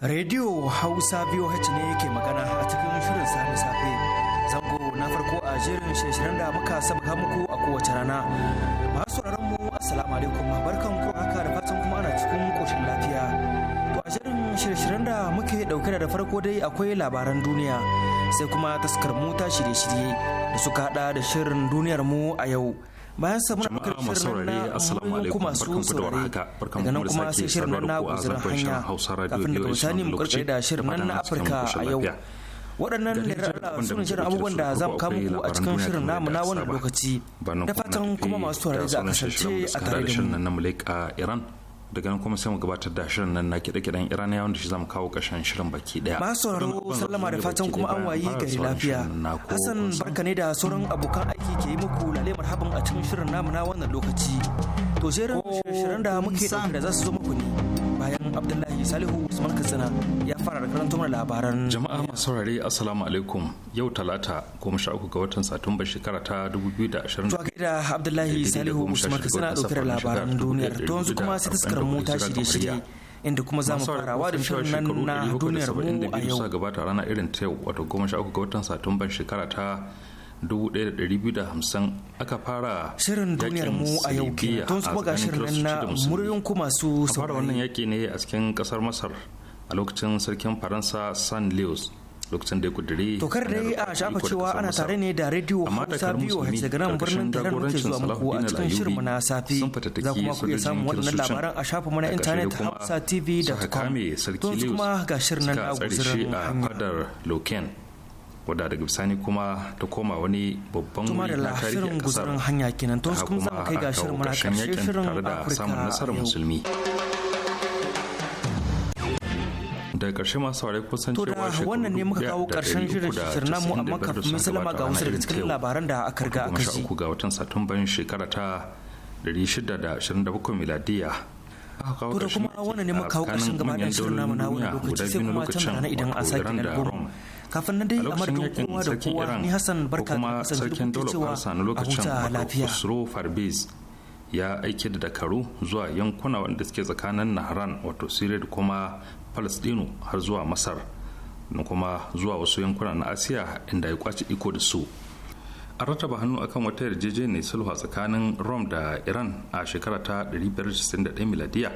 Radio Hausa biyu VOH ne yake magana a cikin shirin sami safe. Zango na farko a jirin shirin da muka sabga muku a kowace rana. Masu sauraron mu assalamu alaikum barkan ku haka da fatan kuma ana cikin koshin lafiya. To a jirin shirin da muke dauke da farko dai akwai labaran duniya sai kuma taskar mu ta shirye-shirye da suka hada da shirin duniyar mu a yau. bayan samun na shirin na ku masu saurare daga nan kuma sai shirin na na guzurin hanya kafin daga bisani mu karkare da shirin nan na afirka a yau waɗannan lirarra su ne shirin abubuwan da za mu kamu a cikin shirin namu na wannan lokaci da fatan kuma masu saurare za a kasance a tare da mu daga nan kuma sai mu gabatar da shirin nan na kiɗe-kiɗen ya wanda shi zamu kawo ƙarshen shirin baki ɗaya ba sauraro sallama da fatan kuma an wayi gari lafiya hassan barka ne da sauran abokan aiki ke yi muku lale marhaban a cikin shirin namu na wannan lokaci to shirin shirin da muke da za su zo muku ne bayan abdullahi salihu usman katsina ya fara da karanta mana labaran jama'a masu saurare assalamu alaikum yau talata goma sha uku ga watan satumba shekara ta dubu biyu da ashirin da da abdullahi salihu usman katsina ɗauke da labaran duniyar to yanzu kuma sai ta mu mota shirye shirye inda kuma za mu farawa da shirin nan na duniyar mu a yau Masu gabata rana irin ta yau wato goma sha uku ga watan satumban shekara ta 1250 aka fara shirin duniyar mu a yau ke tun kuma ga shirin na muryoyin masu saurari fara wannan yaki ne a cikin kasar masar a lokacin sarkin faransa san leos lokacin da ya kudure to kar dai a shafa cewa ana tare ne da rediyo hausa biyu a daga nan birnin da ke zuwa muku a cikin shirinmu na safi za kuma ku iya samun waɗannan labaran a shafa mana intanet hausa tv da kuma ga shirin nan a guzurin hanyar wadda daga bisani kuma ta koma wani babban wuri na tarihi a kasar hanya kenan ta kuma a kawo ƙarshen yakin tare da samun nasarar musulmi daga karshe masu saurari kusan cewa shekaru wannan ne muka kawo karshen shirin shirin namu amma kafin mun salama ga wasu daga cikin labaran da aka riga aka ji ga watan satumban shekara ta 627 miladiya to da kuma wannan ne muka kawo karshen gaba ɗayan shirin namu na wani lokaci sai kuma can idan a sake na kafin nan dai a madadin kowa da kowa ni hassan barka da sarkin dole farsa na lokacin kusuro Farbez ya aiki da dakaru zuwa yankuna wanda suke tsakanin Nahran wato Syria da kuma Palestino har zuwa Masar da kuma zuwa wasu yankuna na Asiya inda ya kwace iko da su a rataba hannu akan wata yarjejeniyar sulhu tsakanin Rome da Iran a shekara ta 1961 miladiya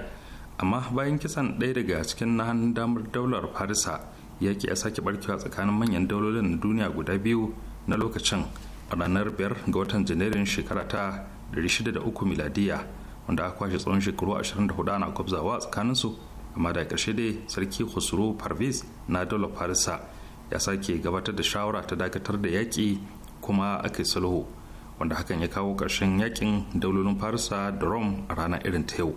amma bayan kisan ɗaya daga cikin na hannun damar daular Farisa yaƙi ya sake barkewa tsakanin manyan daulolin na duniya guda biyu na lokacin a ranar biyar ga watan janairun shekara ta 603 miladiya wanda aka kwashe tsawon shekaru 24 ana kwabzawa su amma da ƙarshe dai sarki khusro parvis na daular farisa ya sake gabatar da shawara ta dakatar da yaƙi kuma aka sulhu wanda hakan ya kawo ƙarshen yakin daulolin farisa da rome a ranar irin ta yau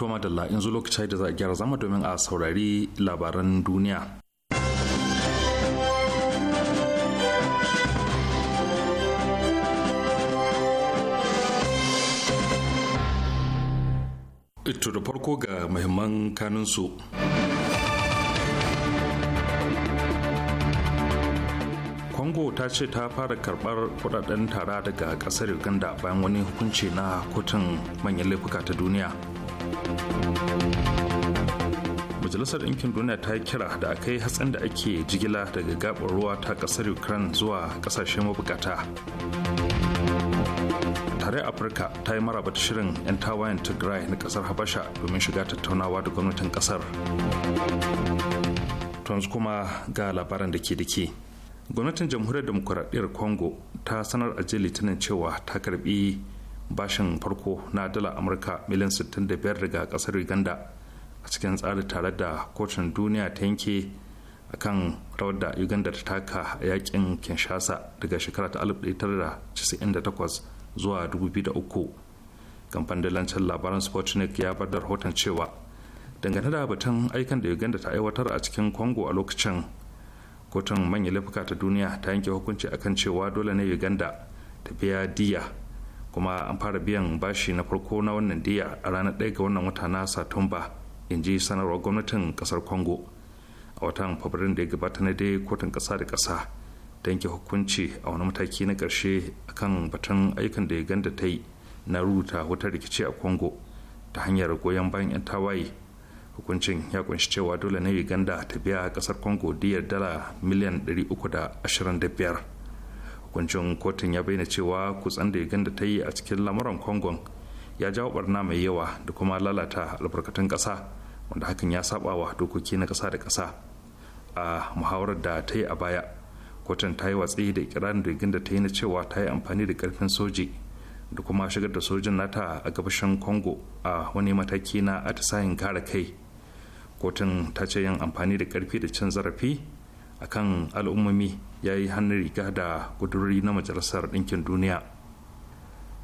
To madalla yanzu lokaci da za a gyara zama domin a saurari labaran duniya. Ito da farko ga muhimman kaninsu. Congo ta ce ta fara karbar kudaden tara daga kasar Uganda bayan wani hukunci na kotun manyan laifuka ta duniya. majalisar ɗinkin duniya ta yi kira da a kai hatsin da ake jigila daga gabar ruwa ta ƙasar ukraine zuwa ƙasashen mabukata tare afirka ta yi maraba ta shirin 'yan tawayen tigray na ƙasar habasha domin shiga tattaunawa da gwamnatin ƙasar tons kuma ga labaran da ke da ke gwamnatin jamhuriyar demokuraɗiyar congo ta sanar a litinin cewa ta karbi bashin farko na dala amurka miliyan 65 daga kasar uganda a cikin tsari tare da kotun duniya ta yanke a kan rawar da uganda ta taka a yakin kinshasa daga shekara ta 1998 zuwa 2003 kamfanin dalancin labaran sputnik ya bar da rahoton cewa dangane da batun aikan da uganda ta aiwatar a cikin congo a lokacin kotun manyan laifuka ta duniya ta yanke hukunci akan cewa dole ne uganda ta biya diya kuma an fara biyan bashi na farko na wannan diya a ranar ɗaya ga wannan wata na satumba in ji sanarwar gwamnatin kasar congo a watan fabrin da ya gabata na dai kotun kasa da kasa don yanke hukunci a wani mataki na karshe kan batun aikin da ya ta yi na rubuta wutar rikici a congo ta hanyar goyon bayan 'yan tawaye hukuncin ya kunshi cewa dole ne uganda ta biya kasar congo diyar dala miliyan 325 hukuncin kotun ya bayyana cewa kutsan da da ta yi a cikin lamuran kongon ya jawo barna mai yawa da kuma lalata albarkatun ƙasa wanda hakan ya saba wa dokoki na ƙasa da kasa a muhawarar da ta yi a baya kotun ta yi watsi da ikirarin da da ta yi na cewa ta yi amfani da karfin soji da kuma shigar da sojin nata a gabashin kongo a wani mataki na atisayin kare kai kotun ta ce yin amfani da karfi da cin zarafi a kan al'ummomi ya yi hannun riga da kudurori na majalisar ɗinkin duniya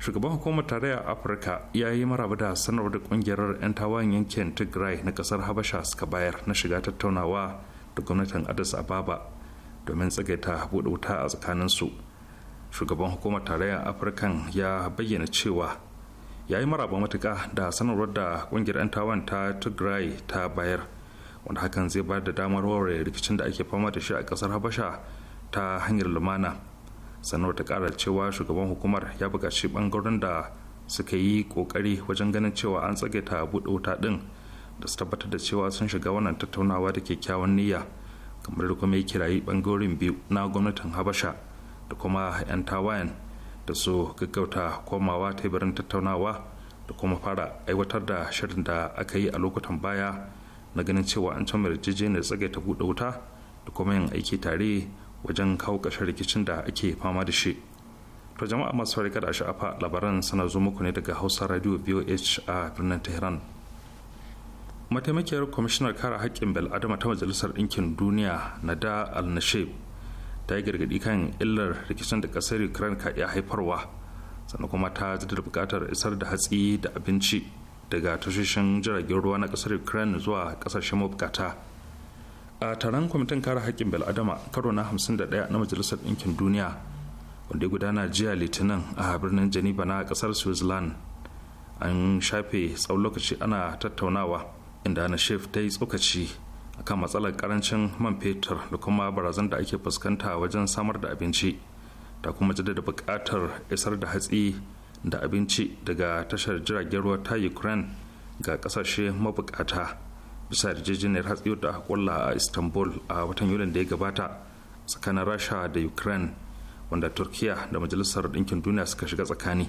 shugaban hukumar tarayyar afirka ya yi maraba da sanarwar da kungiyar 'yan tawayen yankin tigray na kasar habasha suka bayar na shiga tattaunawa da gwamnatin addis ababa domin tsagaita buɗe wuta a tsakaninsu shugaban hukumar tarayyar afirkan ya bayyana cewa ya yi maraba matuka da sanarwar da kungiyar 'yan tawayen ta tigray ta bayar wanda hakan zai bayar da damar warware rikicin da ake fama da shi a kasar habasha ta hanyar lumana sannan ta kara cewa shugaban hukumar ya buƙaci ɓangaren da suka yi ƙoƙari wajen ganin cewa an tsage ta buɗe wuta ɗin da su tabbatar da cewa sun shiga wannan tattaunawa da kyakkyawan niyya kamar da kuma kirayi ɓangaren biyu na gwamnatin habasha da kuma 'yan tawayen da su gaggauta komawa teburin tattaunawa da kuma fara aiwatar da shirin da aka yi a lokutan baya na ganin cewa an cimma yarjejeniyar tsagaita buɗe wuta da kuma yin aiki tare wajen kawo ƙarshen rikicin da ake fama da shi to jama'a masu farka da sha'afa labaran sana zo muku ne daga hausa radio voh a birnin tehran mataimakiyar kwamishinar kare haƙƙin bel'adama ta majalisar ɗinkin duniya nada al-nashib ta yi gargaɗi kan illar rikicin da ƙasar ukraine ka iya haifarwa sannan kuma ta da buƙatar isar da hatsi da abinci daga tashoshin jiragen ruwa na kasar ukraine zuwa kasashen mabukata a taron kwamitin kare haƙƙin bil'adama karo na 51 na majalisar ɗinkin duniya wanda ya gudana jiya litinin a birnin geneva na kasar switzerland an shafe tsawon lokaci ana tattaunawa inda ana shef ta yi tsokaci akan matsalar karancin man fetur da kuma barazan da ake fuskanta wajen samar da abinci ta kuma jaddada buƙatar isar da hatsi da abinci daga tashar jiragen ruwa ta ukraine ga kasashe mabukata bisa yarjejeniyar hatsi da kulla a istanbul a watan yulin da ya gabata tsakanin rasha da ukraine wanda turkiya da majalisar ɗinkin duniya suka shiga tsakani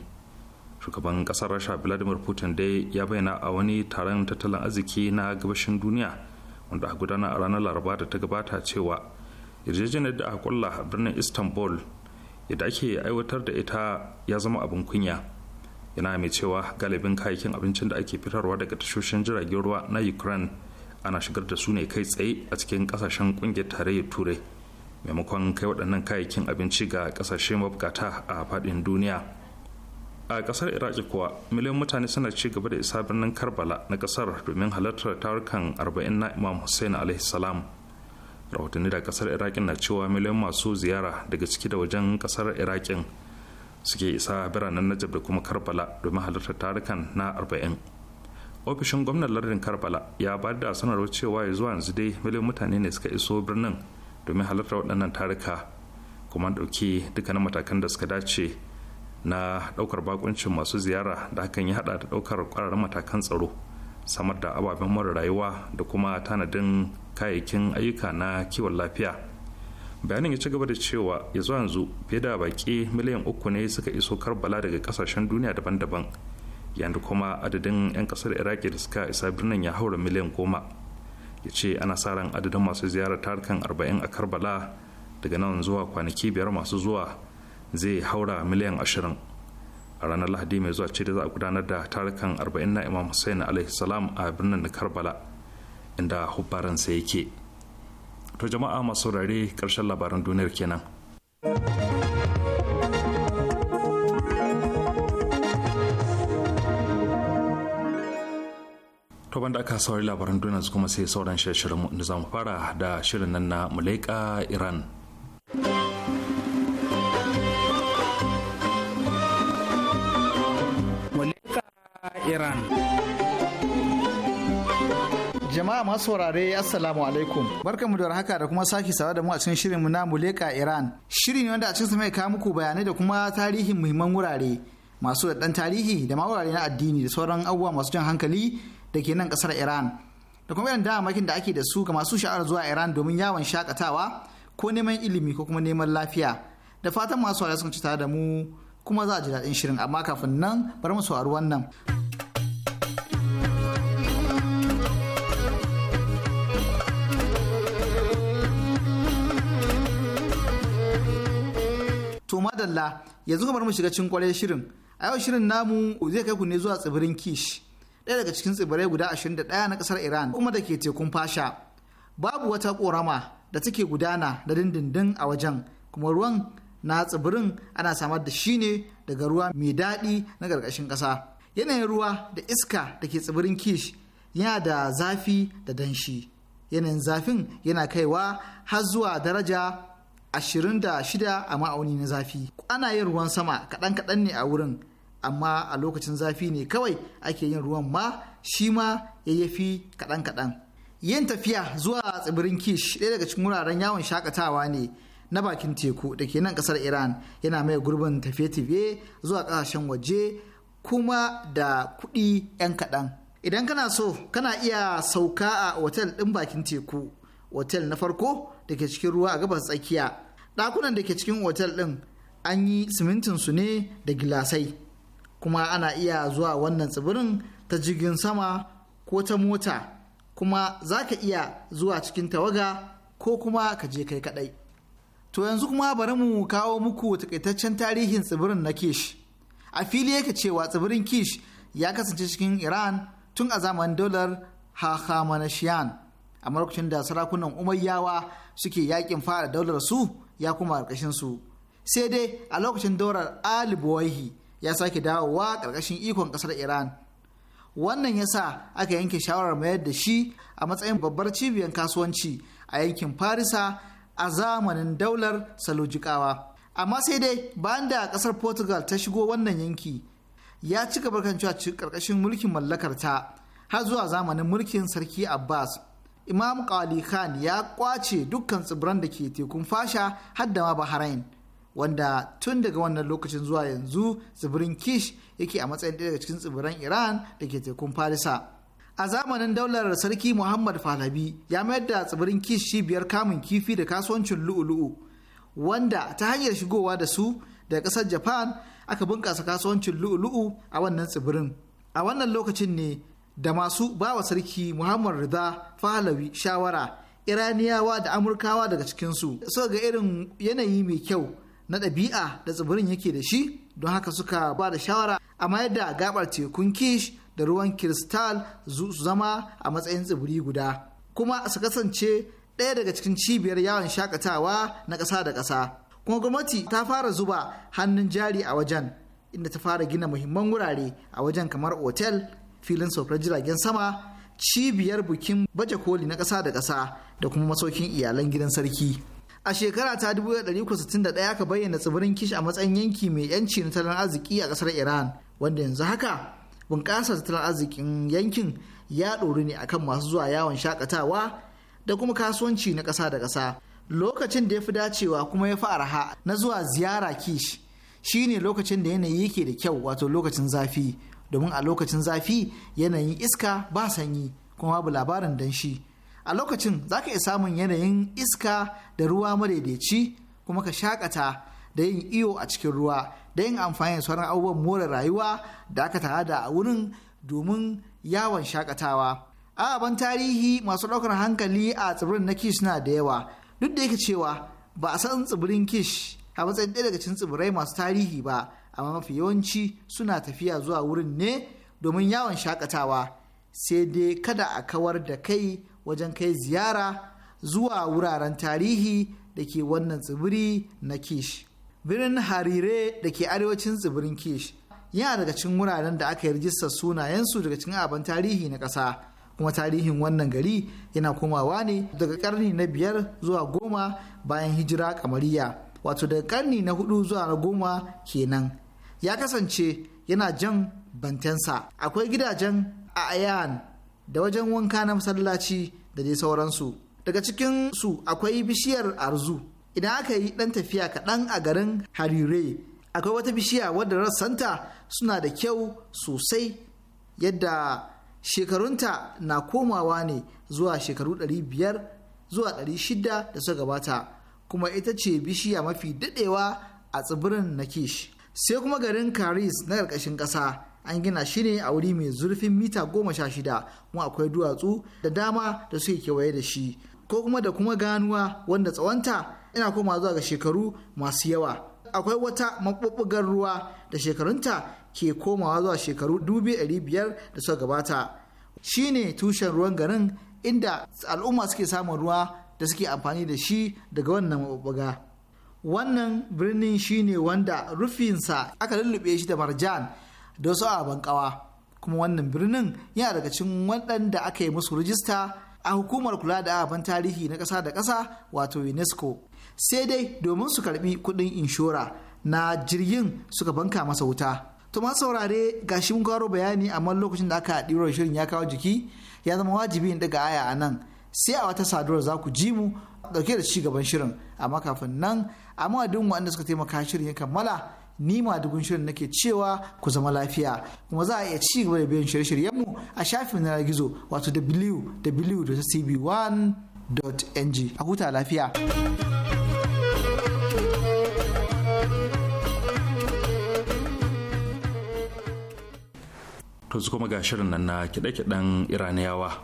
shugaban ƙasar rasha vladimir putin dai ya bayyana a wani taron tattalin arziki na gabashin duniya wanda a gudana a ranar laraba da ta gabata cewa yarjejeniyar da aka kulla a birnin istanbul yadda ake aiwatar da ita ya zama abin kunya yana mai cewa galibin kayayyakin abincin da ake fitarwa daga tashoshin jiragen ruwa na ukraine ana shigar da su ne kai tsaye a cikin kasashen kungiyar tarayyar turai maimakon kai waɗannan kayayyakin abinci ga kasashe mabukata a faɗin duniya a ƙasar iraki kuwa miliyan mutane suna ci gaba da isa birnin karbala na ƙasar domin halartar tarukan arba'in na imam hussein alaihi rahotanni da kasar irakin na cewa miliyan masu ziyara daga ciki da wajen kasar irakin suke isa biranen najab da kuma karbala domin halartar tarukan na arba'in ofishin gwamnan lardin karbala ya ba da sanarwar cewa ya zuwa yanzu dai miliyan mutane ne suka iso birnin domin halarta waɗannan taruka kuma ɗauki dukkanin matakan da suka dace na ɗaukar bakuncin masu ziyara da hakan ya haɗa da ɗaukar ƙwararren matakan tsaro samar da ababen mara rayuwa da kuma tanadin kayayyakin ayyuka na kiwon lafiya bayanin ya ci gaba da cewa ya zuwa yanzu fiye da baƙi miliyan uku ne suka iso karbala daga kasashen duniya daban-daban yanda kuma adadin 'yan kasar iraki da suka isa birnin ya haura miliyan goma ya ce ana sa ran adadin masu ziyarar tarukan arba'in a karbala daga nan zuwa kwanaki biyar masu zuwa zai haura miliyan ashirin a ranar lahadi mai zuwa ce da za a gudanar da tarukan arba'in na imam hussein alaihi salam a birnin karbala inda sa yake to jama'a masu saurare karshen labaran duniyar kenan to banda aka saurari labaran duniya kuma sai sauran shirin mu da zamu fara da shirin nan na mala'ika iran iran jama'a masu saurare assalamu alaikum barkanmu da haka da kuma sake sawa da mu a cikin shirin mu na muleka iran shiri ne wanda a cikin mai kawo muku bayanai da kuma tarihin muhimman wurare masu da dan tarihi da ma wurare na addini da sauran abubuwa masu jan hankali da ke nan kasar iran da kuma irin damakin da ake da su ga masu sha'ar zuwa iran domin yawon shakatawa ko neman ilimi ko kuma neman lafiya da fatan masu saurare sun ci tare da mu kuma za a ji daɗin shirin amma kafin nan bari mu saurari wannan. madalla yanzu kamar mu shiga cikin kwarai shirin a yau shirin namu zai kai ku ne zuwa tsibirin kish ɗaya daga cikin tsibirai guda 21 na ƙasar iran kuma da ke tekun fasha babu wata ƙorama da take gudana da dindindin a wajen kuma ruwan na tsibirin ana samar da shi ne daga ruwa mai daɗi na ƙarƙashin ƙasa yanayin ruwa da iska da ke tsibirin kish yana da zafi da danshi yanayin zafin yana kaiwa har zuwa daraja 26 a ma'auni na zafi ana yin ruwan sama kaɗan-kaɗan ne a wurin amma a lokacin zafi ne kawai ake yin ruwan ma shi ma yayyafi kaɗan-kaɗan yin tafiya zuwa tsibirin kish ɗaya daga cikin wuraren yawon shakatawa ne na bakin teku da ke nan ƙasar iran yana mai gurbin tafiye-tafiye zuwa ƙasashen waje kuma da kuɗi 'yan kaɗan idan kana so kana iya sauka a otel ɗin bakin teku otel na farko da cikin ruwa a gabas tsakiya ɗakunan da ke cikin otal ɗin an yi simintin su ne da gilasai kuma ana iya zuwa wannan tsibirin ta jirgin sama ko ta mota kuma za ka iya zuwa cikin tawaga ko kuma ka je kai kaɗai to yanzu kuma bari mu kawo muku takaitaccen tarihin tsibirin na kish a fili yake cewa tsibirin kish ya kasance cikin iran tun a zamanin dolar hahamanashiyan amma lokacin da sarakunan umayyawa suke yakin fara daular su ya kuma karkashin su sai dai a lokacin daular ali buwaihi ya sake dawowa ƙarƙashin ikon ƙasar iran wannan ya sa aka yanke shawarar mayar da shi a matsayin babbar cibiyar kasuwanci a yankin farisa a zamanin daular salujikawa amma sai dai bayan da kasar portugal ta shigo wannan yanki ya ci gaba kan cewa karkashin mulkin mallakarta har zuwa zamanin mulkin sarki abbas imam qali khan ya kwace dukkan tsibiran da ke tekun fasha har ma bahrain wanda tun daga wannan lokacin zuwa yanzu tsibirin kish yake a matsayin ɗaya daga cikin tsibiran iran da ke tekun farisa a zamanin daular sarki muhammad falabi ya mayar da tsibirin kish cibiyar kamun kifi da kasuwancin lu'ulu'u wanda ta hanyar shigowa da su daga ƙasar japan aka bunƙasa kasuwancin lu'ulu'u a wannan tsibirin a wannan lokacin ne da masu bawa sarki muhammad rida fahalawi shawara iraniyawa da amurkawa daga cikinsu suka ga irin yanayi mai kyau na ɗabi'a da tsibirin yake da shi don haka suka ba da shawara a mayar da gabar tekun kish da ruwan kiristal su zama a matsayin tsibiri guda kuma su kasance ɗaya daga cikin cibiyar yawon shakatawa na ƙasa da ƙasa kuma gwamnati ta fara zuba hannun jari a wajen inda ta fara gina muhimman wurare a wajen kamar otel filin saukar jiragen sama cibiyar bukin baje koli na ƙasa da ƙasa da kuma masaukin iyalan gidan sarki a shekara ta 1961 aka bayyana tsibirin kish a matsayin yanki mai yanci na tattalin arziki a ƙasar iran wanda yanzu haka bunƙasar tattalin arzikin yankin ya ɗori ne akan masu zuwa yawon shakatawa da kuma kasuwanci na ƙasa da ƙasa lokacin da ya fi dacewa kuma ya fi arha na zuwa ziyara kish shine lokacin da yanayi yake da kyau wato lokacin zafi domin a lokacin zafi yanayin iska ba sanyi kuma babu labarin danshi a lokacin za ka iya samun yanayin iska da ruwa madaidaici kuma ka shakata da yin iyo a cikin ruwa da yin amfani da sauran abubuwan more rayuwa da aka da a wurin domin yawon shakatawa ban tarihi masu ɗaukar hankali a tsibirin na kish na da yawa duk da yake cewa ba a san tsibirin kish a matsayin ɗaya daga cikin tsibirai masu tarihi ba amma mafi yawanci suna tafiya zuwa wurin ne domin yawon shakatawa sai dai kada a kawar da kai wajen kai ziyara zuwa wuraren tarihi da ke wannan tsibiri na kish birnin harire da ke arewacin tsibirin kish yana daga cikin wuraren da aka yi rijistar sunayensu daga cikin abin tarihi na ƙasa kuma tarihin wannan gari yana komawa ne daga karni na biyar zuwa goma bayan hijira kamariya wato daga karni na hudu zuwa na goma kenan ya kasance yana jan bantensa akwai gidajen a ayan da wajen wanka na masallaci da dai sauransu daga cikin su akwai bishiyar arzu idan aka yi dan tafiya kaɗan a garin harire akwai wata bishiya wadda rassanta suna da kyau sosai yadda shekarunta na komawa ne zuwa shekaru 500 zuwa 600 da suka gabata kuma ita ce bishiya mafi daɗewa a tsibirin na kish sai kuma garin Karis na karkashin ƙasa an gina shi ne a wuri mai zurfin mita goma sha shida kuma akwai duwatsu da dama da suke kewaye da shi ko kuma da kuma ganuwa wanda tsawonta yana koma zuwa ga shekaru masu yawa akwai wata maɓuɓɓugar ruwa da shekarunta ke komawa zuwa shekaru dubi ɗari biyar da suka gabata shi ne tushen ruwan garin inda al'umma suke samun ruwa da suke amfani da shi daga wannan maɓuɓɓuga wannan birnin shine wanda rufinsa aka lullube shi da marjan da wasu ababen kawa kuma wannan birnin yana daga cikin waɗanda aka yi musu rijista a hukumar kula da ababen tarihi na ƙasa da ƙasa wato unesco sai dai domin su karbi kuɗin inshora na jirgin suka banka masa wuta to ma saurare shi mun kawo bayani amma lokacin da aka ɗiro shirin ya kawo jiki ya zama wajibi in daga aya a nan sai a wata saduwar za ku ji mu dauke da ci gaban shirin amma kafin nan a madadin waɗanda suka taimaka shirin ya kammala ni ma dugun shirin nake cewa ku zama lafiya kuma za a iya ci gaba da biyan shirye-shiryenmu a shafin na gizo wato www.cb1.ng a huta lafiya. To su kuma ga shirin nan na kiɗe-kiɗen Iraniyawa.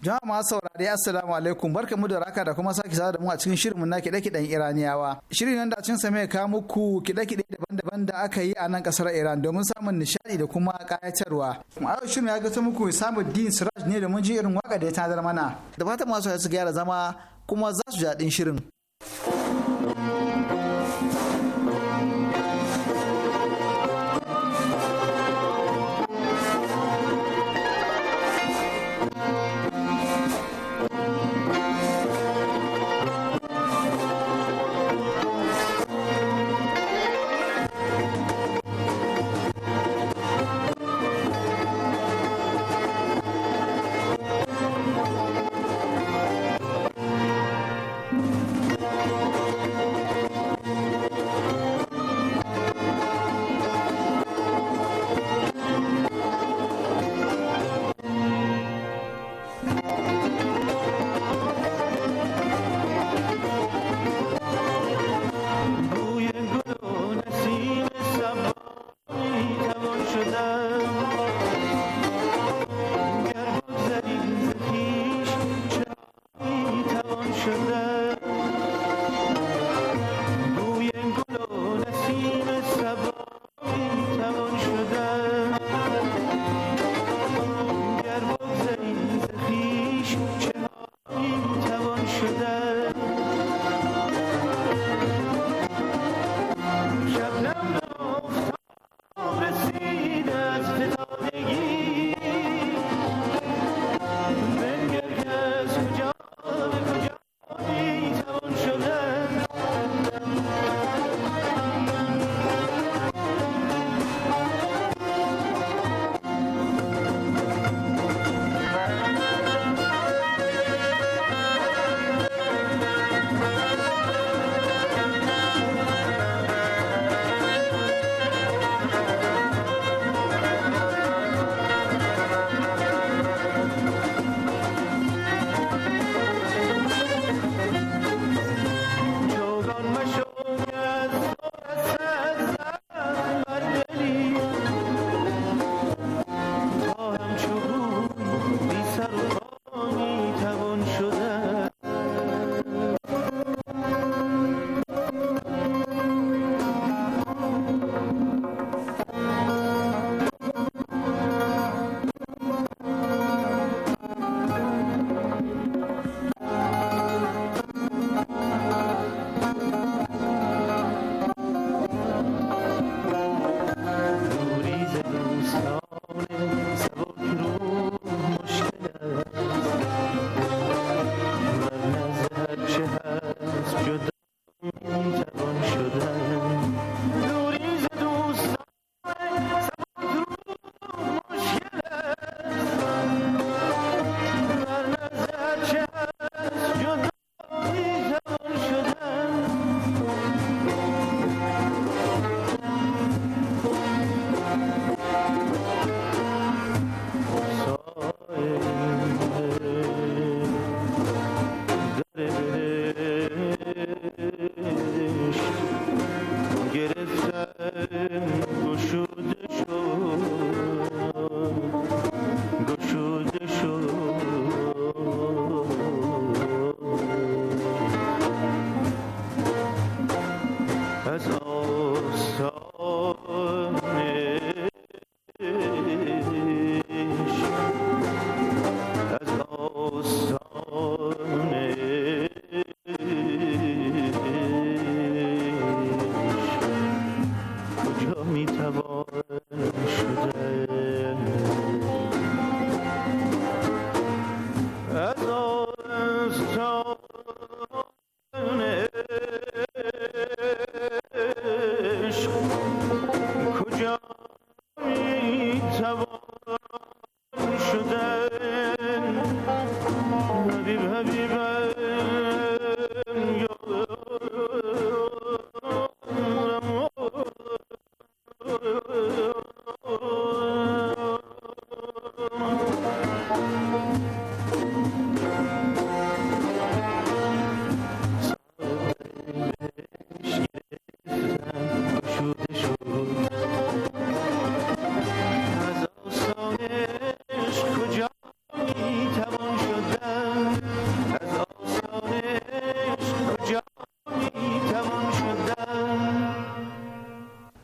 jama'a masu saurari assalamu alaikum barka mu da raka da kuma sake sa da mu a cikin shirinmu na kiɗe-kiɗen iraniyawa shirin nan da cin sa mai kawo muku kiɗe-kiɗe daban-daban da aka yi a nan ƙasar iran domin samun nishaɗi da kuma ƙayatarwa a shirin ya ga ta muku din siraj ne domin ji irin waka da ya tanadar mana da fatan masu su gyara zama kuma za su ji daɗin shirin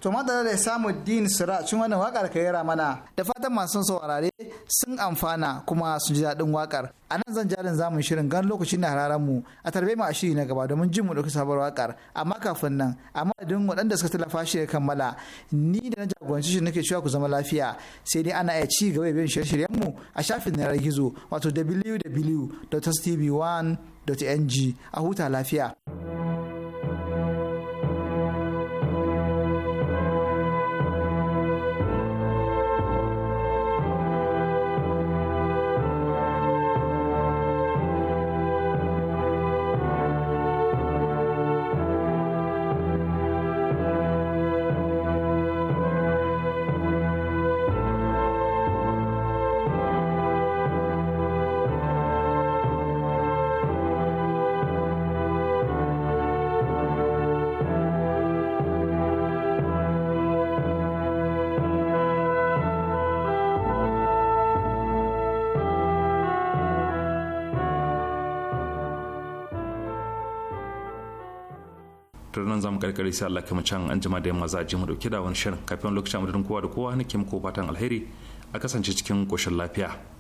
to madara da samun din sura cikin wannan wakar ka yara mana da fatan masu saurare sun amfana kuma sun ji daɗin wakar a nan zan jarin zamun shirin gan lokacin na hararen mu a tarbe mu a shiri na gaba domin jin mu ɗauki sabuwar wakar amma kafin nan amma idan waɗanda suka tallafa shi ya kammala ni da na jagoranci shi nake cewa ku zama lafiya sai dai ana iya ci gaba bin shirye-shiryen mu a shafin na gizo wato www.tv1.ng a huta lafiya. da nan zamu karkare sai Allah kuma can an jima da yamma za a ji mu dauke da wani shirin kafin lokacin mu kowa da kowa nake muku fatan alheri a kasance cikin koshin lafiya